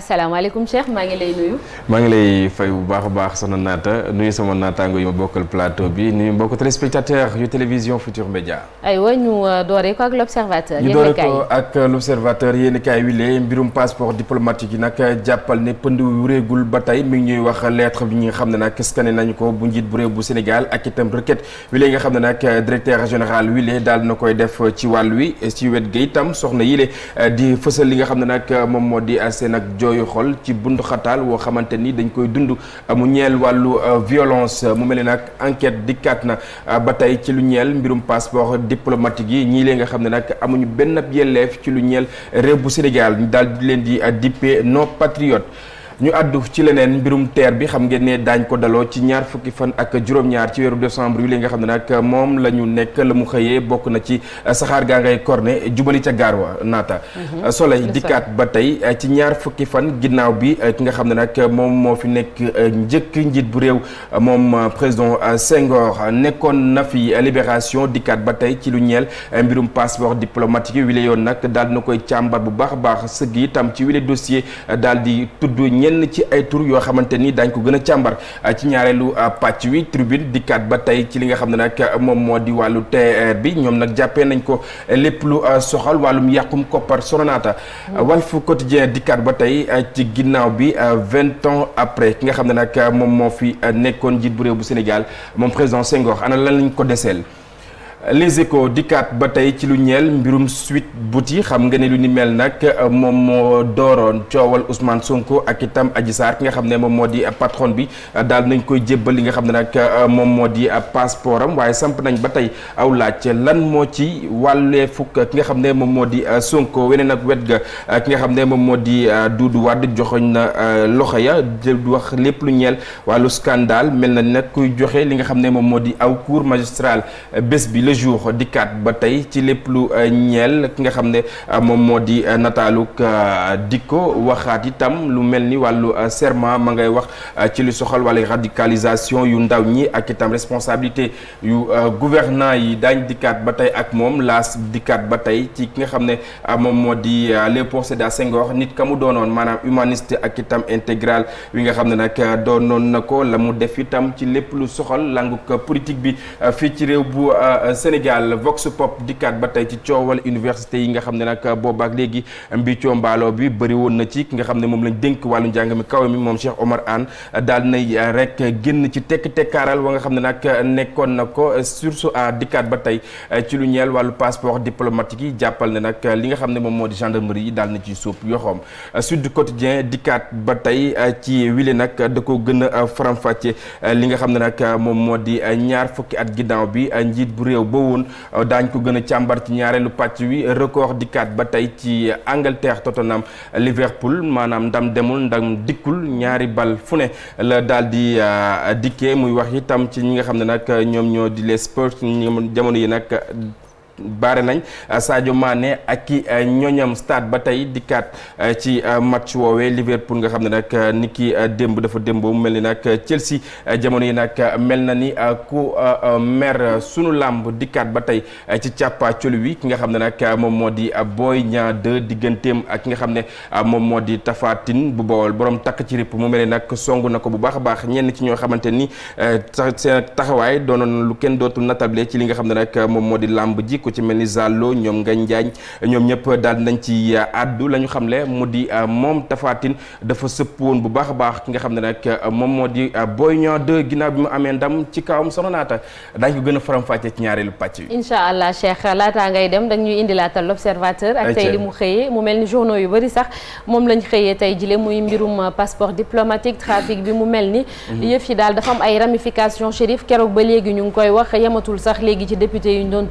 asalaamaaleykum Cheikh maa ngi lay nuyu. maa ngi lay fay bu baax a baax soxna naata nuyu sama naataango yi ma bokkal plateau bi nuyu mbokk téléspectateur yu télévision Futur Média. aywa ñu euh, dooree ko ak l'observateur. ñu dooree ak l'observateur yéen kaay wile mbirum passeport diplomatique yi nag jàppal ne pënd yu réegul ba tey mi ngi ñuy wax lettre bi ñi nga xam ne na nag scanné nañu ko bu njiit bu réew bu Sénégal ak itam requête wile nga xam ne nag directeur général wile daal na koy def ci wàll wi ci wet ga itam soxna yile di fësal li nga xam ne nag moom moo di seen ak jooyu xol ci bundu xataal woo xamante ni dañ koy dund euh, mu ñeel wàllu euh, violence euh, mu mel ne nag enquête dikkaat na ba tey ci lu ñeel mbirum passeport diplomatique yi ñii lee nga xam ne nag amuñu benn yelleef ci lu ñeel réew bu Sénégal daal di leen di dippee non patriote ñu àddu ci leneen mbirum TER bi xam ngeen ne daañ ko daloo ci ñaar fukki fan ak juróom-ñaar ci weeru décembre yi nga xam ne nag moom la ñu nekk la mu xëyee bokk na ci saxaar gaa ngay corne jubali ca gaar wa naata mhm. Soleil dikkaat ba tey eh, ci ñaar fukki fan ginnaaw bi eh, ki nga xam ne nag moom moo fi nekk eh, njëkk njiit bu réew moom président Senghor nekkoon na fi libération dikkaat ba tey ci lu ñeel mbirum passeport diplomatique yi wile yoon nag daal dina koy càmbar bu baax a baax sëgg itam ci wile ñenn ci ay tur yoo xamante ni daañ ko gën a càmbar ah, ci ñaareelu ah, pàcc wi tribune dikkaat ba tey ci li nga xam ne nag ah, moom moo di wàllu TER bi ñoom nag jàppee nañ ko eh, lépp lu soxal wàllum yàqum koppar Sonataa mm. Walf Quotidien dikkaat ba tey ci ginnaaw bi vingt ans après ki nga xam ne nag moom moo fi nekkoon njiit bu réew bu Sénégal moom président Senghor ana lan lañ ko deseel Les Échos dikkaat ba tey ci lu ñeel mbirum Sweet Beauty xam nga ne lu ni mel nag moom moo dooroon coowal Ousmane Sonko ak itam Adji Sarr ki nga xam ne moom moo di patron bi daal nañ koy jébbal li nga xam ne nag moom moo di passeport am waaye samp nañ ba tey aw laaj lan moo ci wàllee fukk ki nga xam ne moom moo di Sonko weneen ak wet ga ki nga xam ne moom moo di uh, Doudou wàdd joxoñ na uh, loxo ya di wax lépp lu ñeel wàllu scandale mel na nag kuy joxe li nga xam ne moom moo di aw cour magistral uh, bés bi le jour dikkaat ba tey ci lépp lu euh, ñeel ki nga xam ne euh, moom moo di euh, nataaluk dikko waxaat itam lu mel ni wàllu serment ma ngay wax ci lu soxal wala radicalisation yu ndaw ñi ak itam responsabilité yu gouvernant yi daañ dikkaat ba tey ak moom laas dikkaat ba tey ci ki nga xam ne moom moo di Léopold Sédar Senghor nit ka mu doonoon maanaam humaniste ak itam intégral wi nga xam ne nag doonoon na ko la mu def itam ci lépp lu soxal languk politique bi fii ci réew bu Sénégal Vox Pop dikkaat ba tey ci coowal université yi nga xam ne nag boobaak léegi mbiccoo mbaaloo bi bëri woon na ci ki nga xam ne moom lañ dénk wàllu njàng mi kaw mi moom Cheikh Omar Anne daal na rek génn ci tekk tekkaaral wa nga xam ne nag nekkoon na ko sursu a dikkaat ba tey ci lu ñeel wàllu passeport diplomatique yi jàppal ne nag li nga xam ne moom moo di gendarmerie yi daal na ci suuf yoxoom Sud Quotidien dikkat ba tey ci wile nag da ko gën faram-fàcce li nga xam ne nag moom moo di ñaar fukki at ginnaaw bi njiit bu réew ba woon euh, daañ ko gën a càmbar ci ñaareelu pàcc wi record di kat ba tey ci Angleterre Tottenham Liverpool maanaam ndam demul ndam dikkul ñaari bal fu ne la daal di euh, dikkee muy wax itam ci ñi nga xam ne nag ñoom ñoo di les Spurs jamono yi nag baare nañ Sadio Mané ak i eh, ñoñam stade ba tey dikkaat eh, ci eh, match woowee Liverpool nga xam ne nag ni ki démb dafa démboo mu mel ni nag Chelsea jamono yi nag mel na ni ku mer sunu làmb dikkaat ba tey ci càppa colu wi ki nga xam ne nag moom moo di Boy Niang 2 digganteem ak ki nga xam ne moom moo di Tapha Tine bu Bawol borom takk ci rip mu mel ni nag song na ko bu baax a baax ñenn ci ñoo xamante ni seen taxawaay doonoon lu kenn dootul natable ci li nga xam ne nag moom moo di làmb ji ko ku ci mel ni Zallo ñoom Ngagne Ndiaye ñoom ñëpp daal nañ ci addu euh, la xamle mu di euh, moom Tapha dafa sëpp woon bu baax a baax ki nga xam ne nag euh, moom moo di Boy Niang 2 ginnaaw bi mu amee ndam ci kawam soxna naata daañu ko gën a faram-fàccee ci ñaareelu pàcc yi. incha allah Cheikh laataa ngay dem dañ ñuy indilaatal l'observateur ak tey li mu xëyee mu mel ni journaux yu bëri sax moom lañ xëyee tey jile muy mbirum passeport diplomatique trafic bi mu mel ni. Mhm. yëf yi